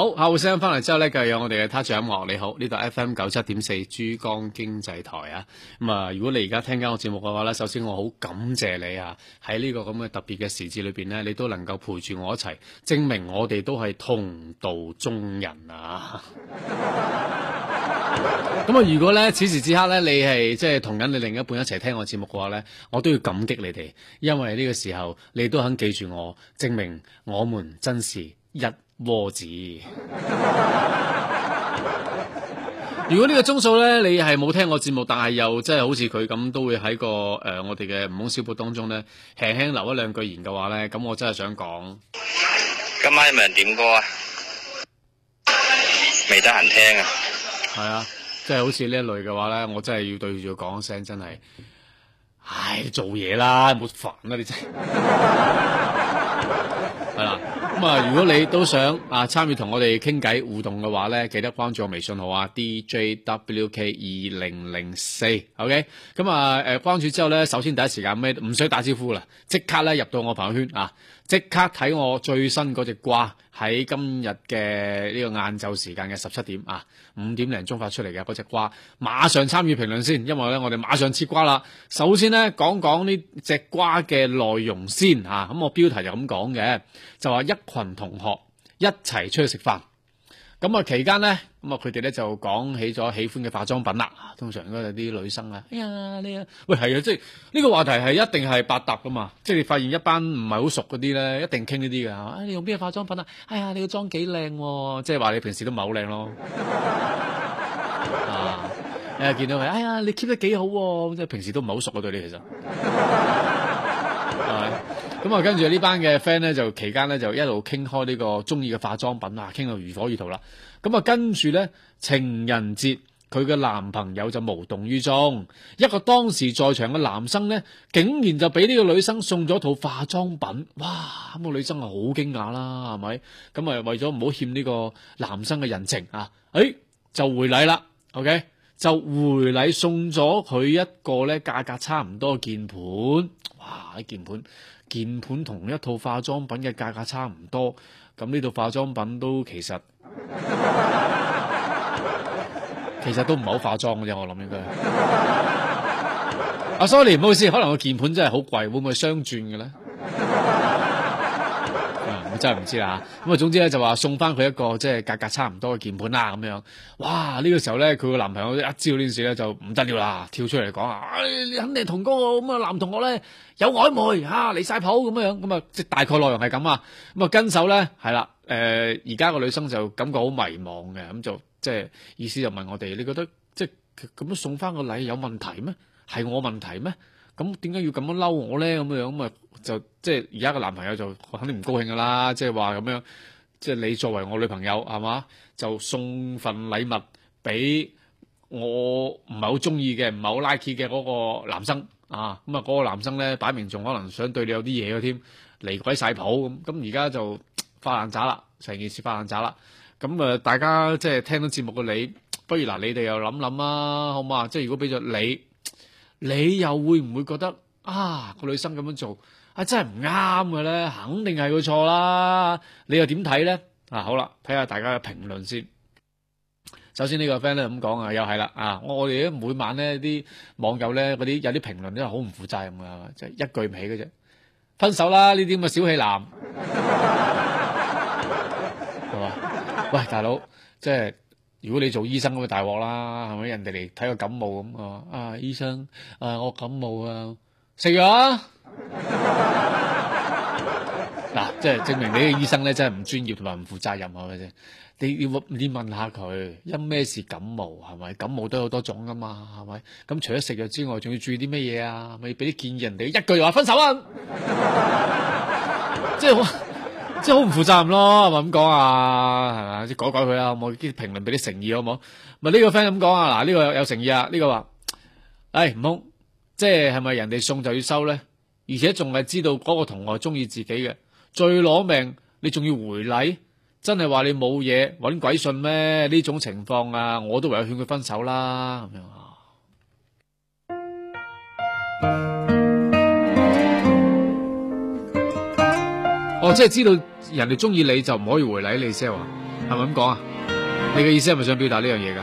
好，後聲翻嚟之後呢，繼續有我哋嘅 Touch 音、嗯、樂。你好，呢度 FM 九七點四珠江經濟台啊。咁、嗯、啊，如果你而家聽緊我節目嘅話呢，首先我好感謝你啊，喺呢個咁嘅特別嘅時節裏邊呢，你都能夠陪住我一齊，證明我哋都係同道中人啊。咁啊、 嗯，如果呢，此時此刻呢，你係即係同緊你另一半一齊聽我節目嘅話呢，我都要感激你哋，因為呢個時候你都肯記住我，證明我們真是一。波子， 如果呢個鐘數咧，你係冇聽我節目，但係又真係好似佢咁，都會喺個誒、呃、我哋嘅唔好小波當中咧，輕輕留一兩句言嘅話咧，咁我真係想講，今晚有冇人點歌啊？未得閒聽啊？係啊，即係好似呢一類嘅話咧，我真係要對住佢講聲，真係，唉，做嘢啦，冇煩啦，你真係，係啦。咁啊、嗯，如果你都想啊參與同我哋傾偈互動嘅話咧，記得關注我微信號啊，D J W K 二零零四，OK？咁、嗯、啊，誒關注之後咧，首先第一時間咩？唔需要打招呼啦，即刻咧入到我朋友圈啊！即刻睇我最新嗰隻瓜，喺今日嘅呢個晏晝時間嘅十七點啊，五點零鐘發出嚟嘅嗰隻瓜，馬上參與評論先，因為咧我哋馬上切瓜啦。首先咧講講呢隻瓜嘅內容先吓，咁、啊、我標題就咁講嘅，就話一群同學一齊出去食飯。咁啊，期間咧，咁啊，佢哋咧就講起咗喜歡嘅化妝品啦。通常嗰啲女生啊，哎呀呢啊，喂，係啊，即係呢、這個話題係一定係百搭噶嘛。即係你發現一班唔係好熟嗰啲咧，一定傾呢啲嘅嚇。你用邊個化妝品啊？哎呀，你個妝幾靚喎！即係話你平時都唔係好靚咯。 啊！誒、哎，見到佢，哎呀，你 keep 得幾好喎，啊！即係平時都唔係好熟嗰、啊、對你其實。 咁啊，跟住呢班嘅 friend 咧，就期間咧就一路傾開呢個中意嘅化妝品啊，傾到如火如荼啦。咁啊，跟住咧情人節，佢嘅男朋友就無動於衷。一個當時在場嘅男生咧，竟然就俾呢個女生送咗套化妝品。哇！咁、那個女生啊，好驚訝啦，係咪？咁啊，為咗唔好欠呢個男生嘅人情啊，誒、哎、就回禮啦。OK，就回禮送咗佢一個咧，價格差唔多嘅鍵盤。哇！啲鍵盤～鍵盤同一套化妝品嘅價格差唔多，咁呢套化妝品都其實 其實都唔係好化妝嘅啫，我諗應該。阿 Sorry 唔好意思，可能個鍵盤真係好貴，會唔會雙轉嘅咧？真係唔知啦，咁啊，總之咧就話送翻佢一個即係價格差唔多嘅鍵盤啦，咁樣哇呢、這個時候咧佢個男朋友一知呢件事咧就唔得了啦，跳出嚟講啊，唉、哎，你肯定同嗰個咁啊男同學咧有曖昧吓，離晒譜咁樣樣，咁啊即係大概內容係咁啊，咁、嗯、啊跟手咧係啦，誒而家個女生就感覺好迷茫嘅，咁、嗯、就即係意思就問我哋你覺得即係咁樣送翻個禮有問題咩？係我問題咩？咁點解要咁樣嬲我咧？咁嘅樣咁啊，就即係而家個男朋友就肯定唔高興噶啦，即係話咁樣，即、就、係、是、你作為我女朋友係嘛，就送份禮物俾我唔係好中意嘅，唔係好 like 嘅嗰個男生啊，咁啊嗰個男生咧，擺明仲可能想對你有啲嘢添，離鬼晒譜咁，咁而家就發爛渣啦，成件事發爛渣啦，咁、嗯、啊大家即係聽到節目嘅你，不如嗱你哋又諗諗啊，好唔好啊？即係如果俾咗你。你又會唔會覺得，啊，個女生咁樣做？啊，真係唔啱㗎呢，肯定係佢錯啦，你又點睇呢？啊，好啦，睇下大家嘅評論先。首先呢個 friend 呢咁講，又係啦，啊，我哋每晚呢啲網友呢，嗰啲，有啲評論，好唔負責任，如果你做醫生咁咪大鑊啦，係咪？人哋嚟睇個感冒咁啊，啊醫生，啊我感冒啊，食藥。嗱，即係證明你個醫生咧真係唔專業同埋唔負責任係咪先？你要你，你問下佢因咩事感冒係咪？感冒都有好多種㗎嘛係咪？咁除咗食藥之外，仲要注意啲咩嘢啊？咪俾啲建議人哋，一句話分手啊！ 即係。即係好唔負責任咯，係咪咁講啊？係咪啊？即係改改佢啦，好唔好？啲評論俾啲誠意好唔好？咪、這、呢個 friend 咁講啊？嗱，呢個有有誠意啊？呢、這個話，唉，唔好，即係係咪人哋送就要收咧？而且仲係知道嗰個同學中意自己嘅，最攞命，你仲要回禮？真係話你冇嘢搵鬼信咩？呢種情況啊，我都唯有勸佢分手啦，咁樣啊。我真係知道人哋中意你就唔可以回禮你先係咪咁講啊？你嘅意思係咪想表達呢樣嘢噶？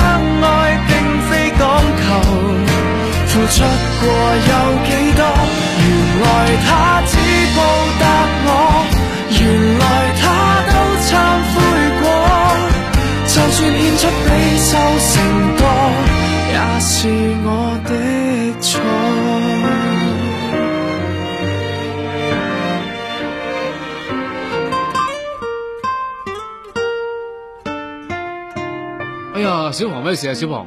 出過有幾多？原來他只報答我，原來他都懺悔過。就算獻出比修成多，也是我的錯 。哎呀，小黃咩事啊，小黃？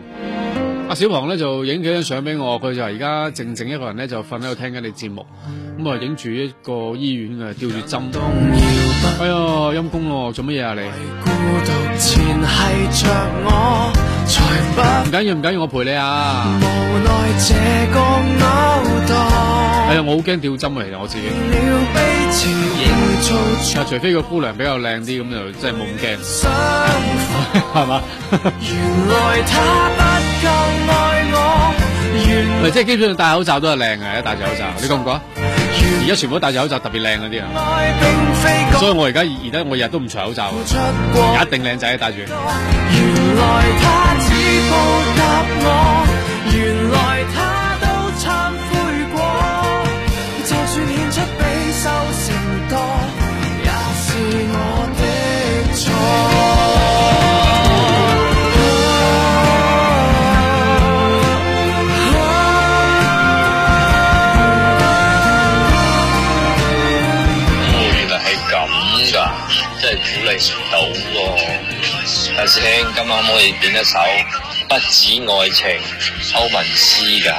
小黃咧就影幾張相俾我，佢就話而家靜靜一個人咧就瞓喺度聽緊你節目，咁啊影住一個醫院嘅吊住針，針哎呀陰功咯，做乜嘢啊你？孤獨前着我才不係，唔緊要唔緊要，我陪你啊！無奈借哎呀，我好驚吊針啊，其實我自己。嗱照、啊，除非個姑娘比較靚啲，咁就真係冇咁驚，係嘛？喂，即係基本上戴口罩都係靚嘅，戴住口罩，你覺唔覺啊？而家全部都戴住口罩特別靚嗰啲啊，嗯、所以我而家而家我日日都唔除口罩啊，而家一定靚仔啊，戴住。原來他只報答我，原來他，阿 Sir 今晚可唔可以點一首《不止愛情》歐文詩噶？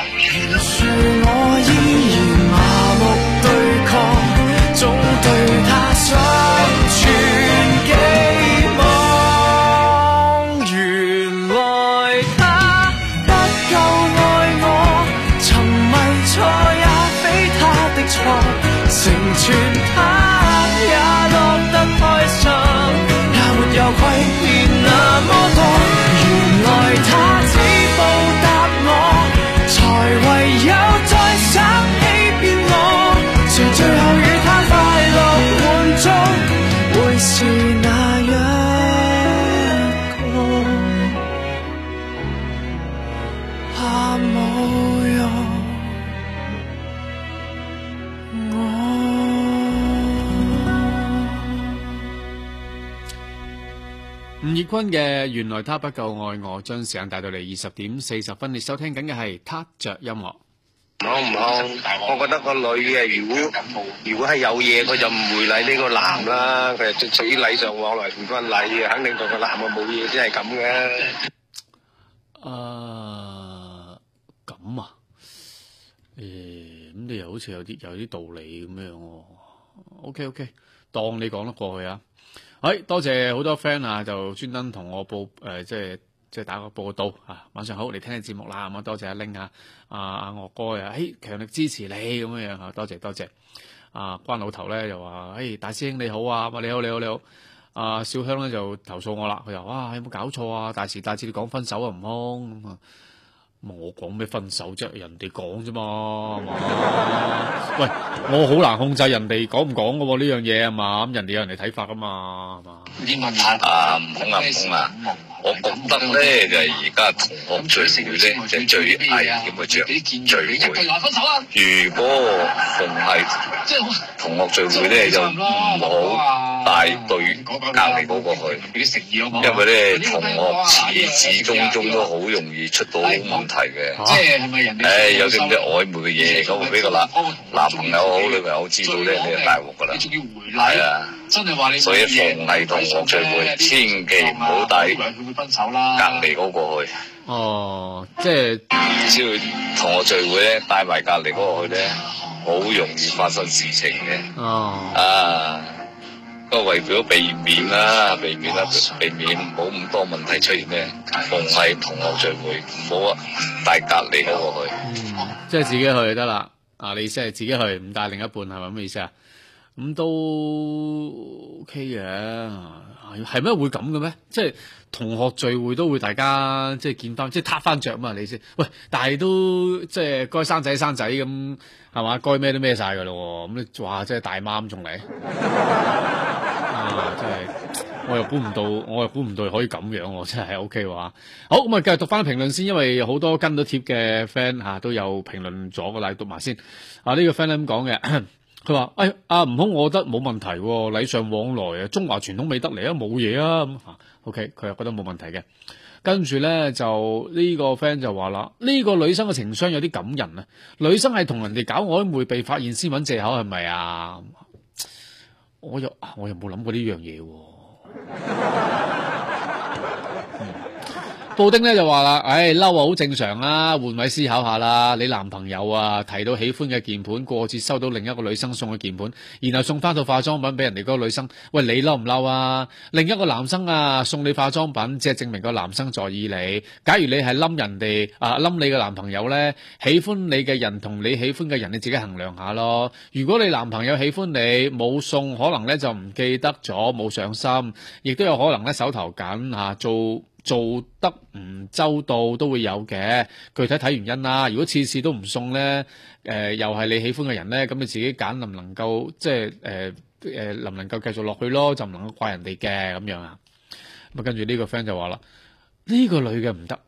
吳業坤嘅原來他不夠愛我，將時間帶到嚟二十點四十分。你收聽緊嘅係《他着音樂》。好唔好？我覺得個女嘅，如果如果係有嘢，佢就唔會回禮呢個男啦。佢係出於禮尚往來同分禮，肯定同個男嘅冇嘢先係咁嘅。啊，咁啊？誒，咁你又好似有啲有啲道理咁樣。OK OK，當你講得過去啊。係多謝好多 friend 啊，就專登同我報誒、呃，即係即係打個報道。啊。晚上好，嚟聽下節目啦，咁啊多謝阿拎啊，阿阿嶽哥又誒強、欸、力支持你咁樣樣吓，多謝多謝。阿、啊、關老頭咧又話誒，大師兄你好啊，你好你好你好。阿小、啊、香咧就投訴我啦，佢又哇有冇搞錯啊？啊啊 ulum，大時大節你講、啊、分手啊，唔通？啊我講咩分手啫？人哋講啫嘛。喂，我好難控制人哋講唔講嘅喎呢樣嘢啊嘛。咁人哋有人哋睇法啊嘛。你問下啊？唔好啊唔好啊！我覺得咧就係而家同學聚會咧，就係最危險嘅聚會。聚會如果逢係即係同學聚會咧，就唔好帶隊隔離嗰個去。因為咧同學始始終終都好容易出到問題。係嘅，即係係咪人哋有啲咁啲曖昧嘅嘢，咁俾個男男朋友好女朋友知道咧，你就大鑊㗎啦。你仲要回禮，係啊，真係話你，所以逢例同學聚會，千祈唔好帶埋隔離嗰個去。哦，即係只要同學聚會咧，帶埋隔離嗰個去咧，好容易發生事情嘅。哦啊！為咗避免啦、啊，避免啦、啊，避免唔好咁多問題出現咧。同係同學聚會，唔好啊帶隔離嗰個去，嗯、即係自己去就得啦。啊，你意思係自己去，唔帶另一半係咪咁嘅意思啊？咁都 OK 嘅，係咩會咁嘅咩？即係同學聚會都會大家即係見翻，即係塌翻着啊嘛！你先喂，但係都即係該生仔生仔咁，係嘛？該咩都咩晒噶咯，咁你話！即係大媽咁，仲嚟、 啊，真係我又估唔到，我又估唔到可以咁樣，真係 OK 哇、啊！好咁啊，繼續讀翻評論先，因為好多跟到貼嘅 friend 吓都有評論咗個啦，讀埋先啊！呢、這個 friend 咁講嘅。咳咳佢話：哎，阿、啊、悟空，我覺得冇問題，禮尚往來，華傳來啊，中華傳統美德嚟啊，冇嘢啊，咁吓，OK，佢又覺得冇問題嘅。跟住咧就呢、這個 friend 就話啦，呢、這個女生嘅情商有啲感人啊，女生係同人哋搞曖昧被發現先揾借口係咪啊？我又我又冇諗過呢樣嘢。 布丁咧就話啦，唉，嬲啊，好正常啊，換位思考下啦。你男朋友啊提到喜歡嘅鍵盤，過節收到另一個女生送嘅鍵盤，然後送翻套化妝品俾人哋嗰個女生，喂，你嬲唔嬲啊？另一個男生啊送你化妝品，即係證明個男生在意你。假如你係冧人哋啊冧你嘅男朋友咧，喜歡你嘅人同你喜歡嘅人，你自己衡量下咯。如果你男朋友喜歡你，冇送，可能咧就唔記得咗，冇上心，亦都有可能咧手頭緊啊做。做得唔周到都會有嘅，具體睇原因啦。如果次次都唔送咧，誒、呃、又係你喜歡嘅人咧，咁你自己揀能唔能夠即係誒誒能唔能夠繼續落去咯，就唔能夠怪人哋嘅咁樣啊。咁啊跟住呢個 friend 就話啦，呢、這個女嘅唔得，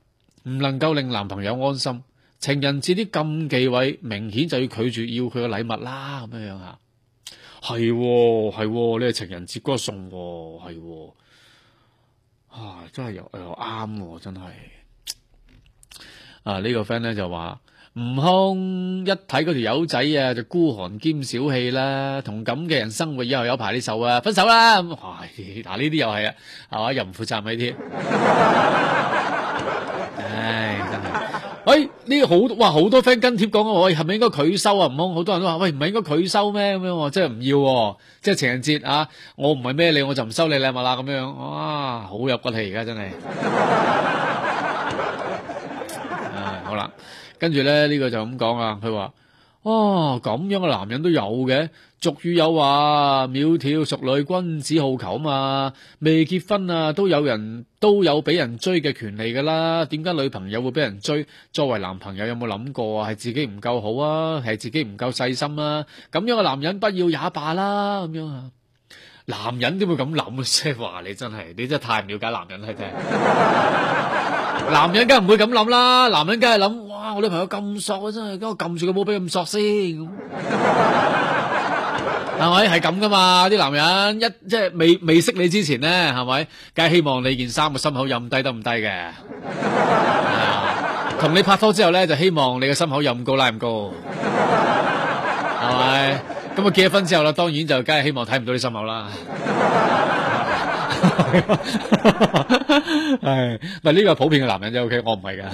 唔能夠令男朋友安心。情人節啲禁忌位，明顯就要拒絕要佢嘅禮物啦，咁樣樣啊。係、哦，係、哦哦、你係情人節嗰個送，係、哦。啊，真係又又啱喎！真係啊，這個、呢個 friend 咧就話，悟空一睇嗰條友仔啊，就孤寒兼小氣啦，同咁嘅人生活以後有排你受啊，分手啦！哇，嗱呢啲又係啊，係嘛又唔負責任添。 哎、喂，呢好哇，好多 friend 跟帖講，喂，係咪應該拒收啊？唔通，好多人都話喂，唔係應該拒收咩？咁樣，即係唔要，啊，即係情人節啊！我唔係咩你，我就唔收你禮物啦。咁樣，哇，好有骨氣而家真係。啊， 哎，好啦，跟住咧呢，這個就咁講啊，佢話。哦，咁樣嘅男人都有嘅，俗語有話，窈窕淑女，君子好逑嘛。未結婚啊，都有人都有俾人追嘅權利噶啦。點解女朋友會俾人追？作為男朋友有冇諗過啊？係自己唔夠好啊？係自己唔夠細心啊？咁樣嘅男人不要也罷啦，咁樣啊。男人點會咁諗啊？即係話你真係，你真係太唔了解男人啦，真係。 男人梗係唔會咁諗啦，男人梗係諗，哇我女朋友咁索真係，咁我撳住個帽俾佢咁索先，係咪係咁噶嘛啲男人一即係未未識你之前咧，係咪？梗係希望你件衫個心口有咁低得咁低嘅，同你拍拖之後咧就希望你嘅心口有咁高拉咁高，係咪？咁啊結咗婚之後啦，當然就梗係希望睇唔到你心口啦。係，係呢個普遍嘅男人啫，OK，我唔係噶。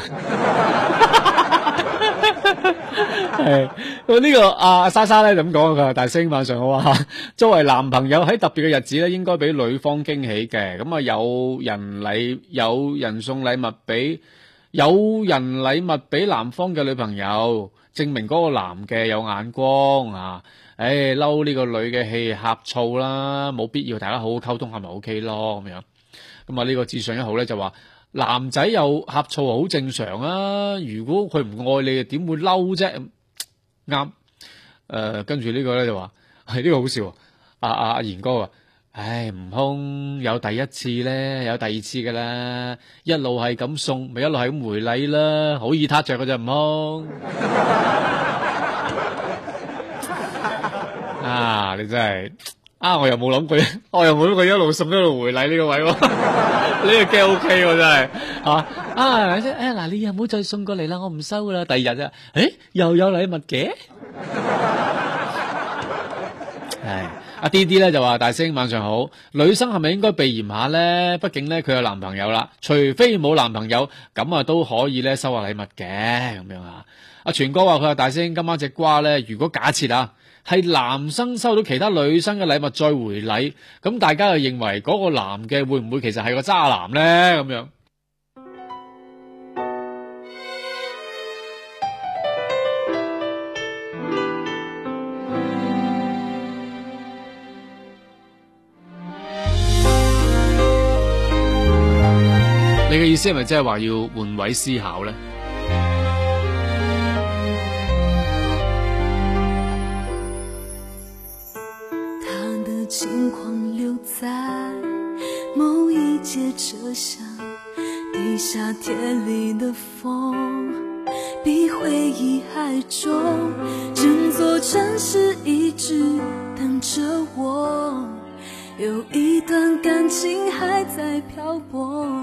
係，呢個阿莎莎咧就咁講，佢話：，大聲晚上好啊！作為男朋友喺特別嘅日子咧，應該俾女方驚喜嘅。咁啊，有人禮，有人送禮物俾，有人禮物俾男方嘅女朋友。證明嗰個男嘅有眼光嚇，誒嬲呢個女嘅氣呷醋啦，冇必要大家好好溝通係咪 OK 咯咁樣。咁啊呢個智上一號咧就話男仔又呷醋好正常啊，如果佢唔愛你啊點會嬲啫？啱。誒跟住呢個咧就話係呢個好笑，啊，阿賢哥啊。啊唉，悟空有第一次咧，有第二次噶啦，一路係咁送，咪一路係咁回禮啦，好易撻着噶咋，悟空 啊，你真係啊，我又冇諗過，我又冇諗過，過一路送一路回禮呢、呢個位，呢 個 game O K 喎，真係啊，即、哎、誒，嗱、哎，你又唔好再送過嚟啦，我唔收噶啦，第二日啊，誒、哎，又有禮物嘅，係。 阿、啊、D D 咧就話：大聲晚上好，女生係咪應該避嫌下呢？畢竟呢，佢有男朋友啦，除非冇男朋友，咁啊都可以呢收下禮物嘅咁樣啊。阿全哥話佢話大聲今晚只瓜呢，如果假設啊係男生收到其他女生嘅禮物再回禮，咁大家又認為嗰個男嘅會唔會其實係個渣男呢？咁樣。你嘅意思係咪即係話要換位思考呢？他的情況留在某一節車廂，地下鐵裏的風比回憶還重。整座城市一直等著我，有一段感情還在漂泊。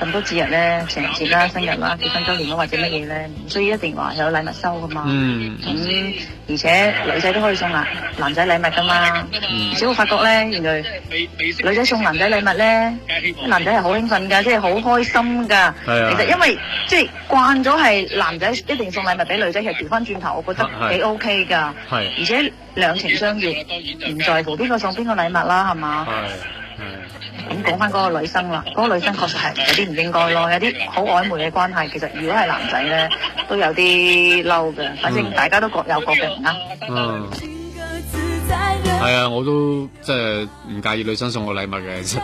嗯，嗯，咁講翻嗰個女生啦，嗰個女生確實係有啲唔應該咯，有啲好曖昧嘅關係。其實如果係男仔咧，都有啲嬲嘅。反正大家都各有各嘅。嗯。係啊，我都即係唔介意女生送我禮物嘅。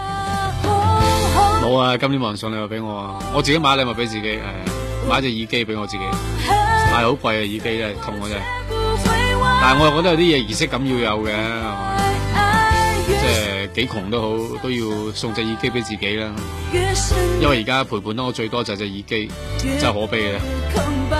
冇啊，今年冇人送禮物俾我啊，我自己買禮物俾自己，誒，買隻耳機俾我自己，但係好貴嘅耳機真係痛啊真係。但係我又覺得有啲嘢儀式感要有嘅。即係幾窮都好，都要送隻耳機俾自己啦。因為而家陪伴我最多就係隻耳機，真係可悲嘅。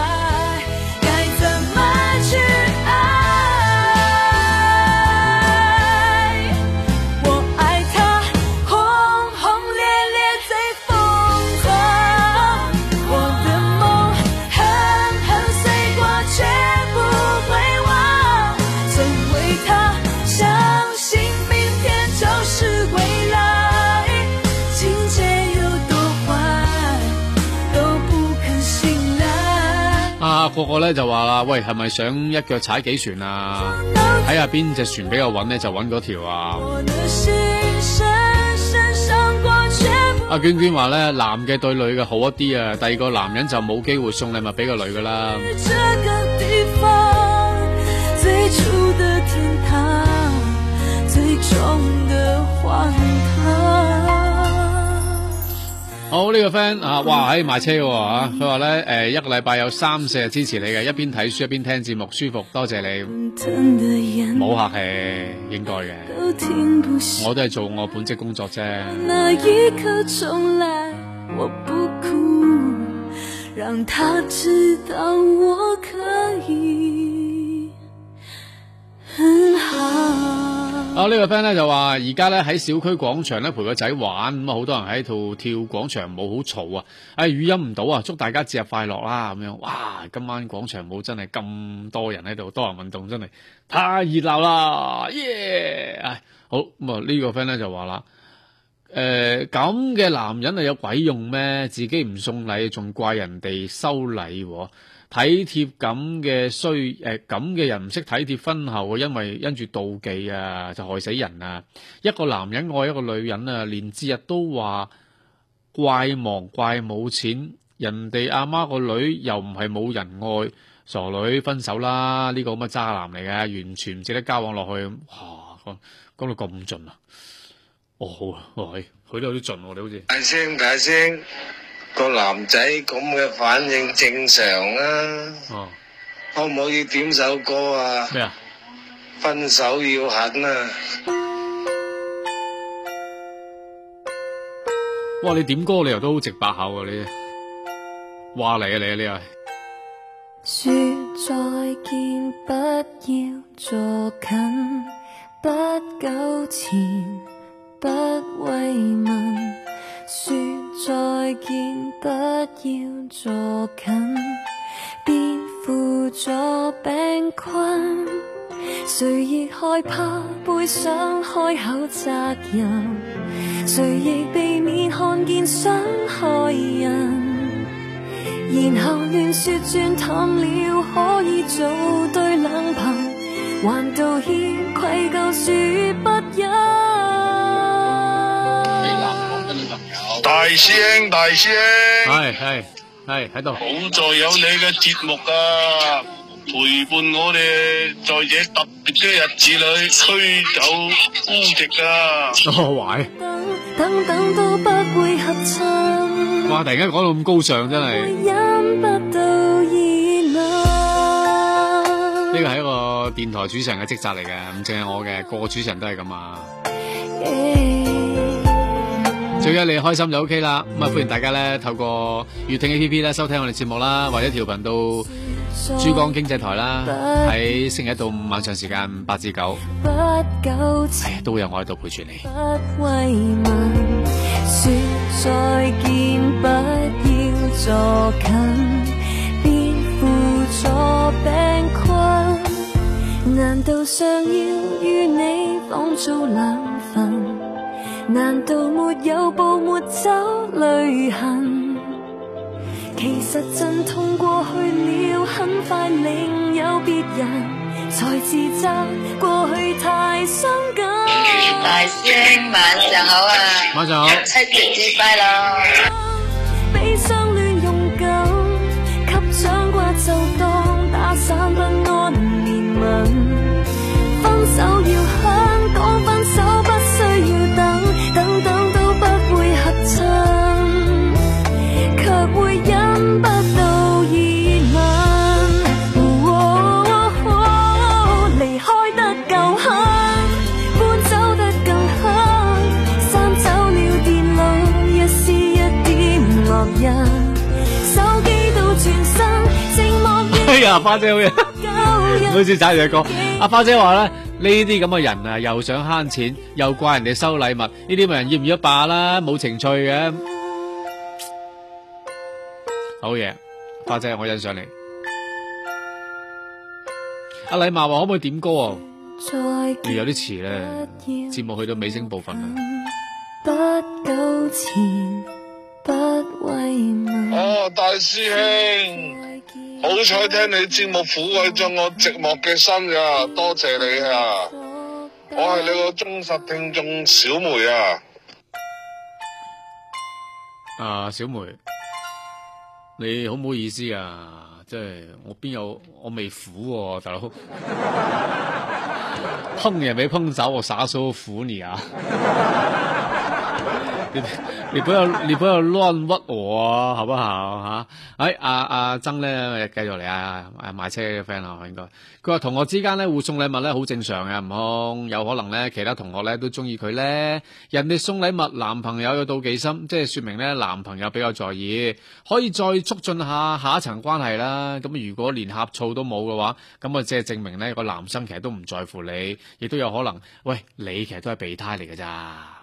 我咧就話啦，喂，係咪想一腳踩幾船啊？睇下邊隻船比較穩呢，就揾嗰條啊。阿、啊、娟娟話咧，男嘅對女嘅好一啲啊，第二個男人就冇機會送禮物俾個女噶啦。好呢、呢個 friend 啊，哇喺賣、哎、車啊，佢話咧誒一個禮拜有三四日支持你嘅，一邊睇書一邊聽節目，舒服，多謝你，冇、嗯、客氣，應該嘅，嗯、我都係做我本職工作啫。嗯、那一刻，從來我我不哭，讓他知道我可以很好。啊！哦這個、呢個 friend 咧就話：而家咧喺小區廣場咧陪個仔玩，咁啊好多人喺度跳廣場舞，好嘈啊！啊、哎，語音唔到啊！祝大家節日快樂啦！咁樣，哇！今晚廣場舞真係咁多人喺度，多人運動真係太熱鬧啦！耶、yeah! 哎！好咁啊，嗯這個、呢個 friend 咧就話啦。誒，咁嘅、呃、男人啊，有鬼用咩？自己唔送禮，仲怪人哋收禮，哦，體貼咁嘅衰誒，咁、呃、嘅人唔識體貼婚後，因為因住妒忌啊，就害死人啊！一個男人愛一個女人啊，連節日，日都話怪忙怪冇錢，人哋阿媽個女又唔係冇人愛，傻女分手啦！呢、個咁嘅渣男嚟嘅，完全唔值得交往落去。哇，講到咁盡啊！哇，哇，佢都有啲盡，你好似。大聲，大聲，個男仔咁嘅反應正常啊。哇，可唔可以點首歌啊？咩啊，分手要狠啊。哇，你點歌啊，你又都好直白口㗎，你。哇，你呀，你呀，你呀。Oh, 不慰問，説再見，不要坐近，別扶助病困。誰亦害怕背上開口責任，誰亦避免看見傷害人。然後亂説轉淡了，可以做對冷朋，還道歉愧疚，説不忍。大師兄，大師兄，係係係喺度。好在有你嘅節目啊，陪伴我哋在呢個特別嘅日子裏驅走孤寂啊。哇！突然間講到咁高尚，真係。呢個係一個電台主持人嘅職責嚟嘅，唔淨係我嘅，個個主持人都係咁啊。大家你開心就 OK 啦，咁啊歡迎大家咧透過粵聽 A P P 咧收聽我哋節目啦，或者調頻到珠江經濟台啦，喺星期一到五晚上時間八至九，係呀，都會有我喺度陪住你。不慰問說再見不要坐近，助病困。難道想要與你綁綁冷難道沒有步沒走淚痕？其實陣痛過去了，很快另有別人。才自責過去太傷感。大師兄晚上好啊，晚上好，七夕節快樂。 啊、花姐好嘢，好似踩住個阿花姐話咧，呢啲咁嘅人啊，又想慳錢，又怪人哋收禮物，呢啲咪人厭唔厭霸啦，冇情趣嘅。好嘢，花姐，我欣賞你。阿禮貌話可唔可以點歌啊？而有啲遲咧，節目去到尾聲部分啊。不不啦。哦，大師兄。好彩聽你節目撫慰咗我寂寞嘅心呀，多謝你啊！我係你個忠實聽眾小梅啊！啊，小梅，你好唔好意思啊？即係我邊有我未苦喎，大佬，到時候碰也沒碰我啥時候苦你啊？你嗰有你嗰度亂屈我，啊，好不好吓？哎阿阿曾咧，繼續嚟啊！買車嘅 friend 啊，應該佢話同學之間咧互送禮物咧好正常嘅，唔通有可能咧其他同學咧都中意佢咧，人哋送禮物，男朋友有妒忌心，即係說明咧男朋友比較在意，可以再促進下下一層關係啦。咁如果連呷醋都冇嘅話，咁啊即係證明咧個男生其實都唔在乎你，亦都有可能喂你其實都係備胎嚟嘅咋。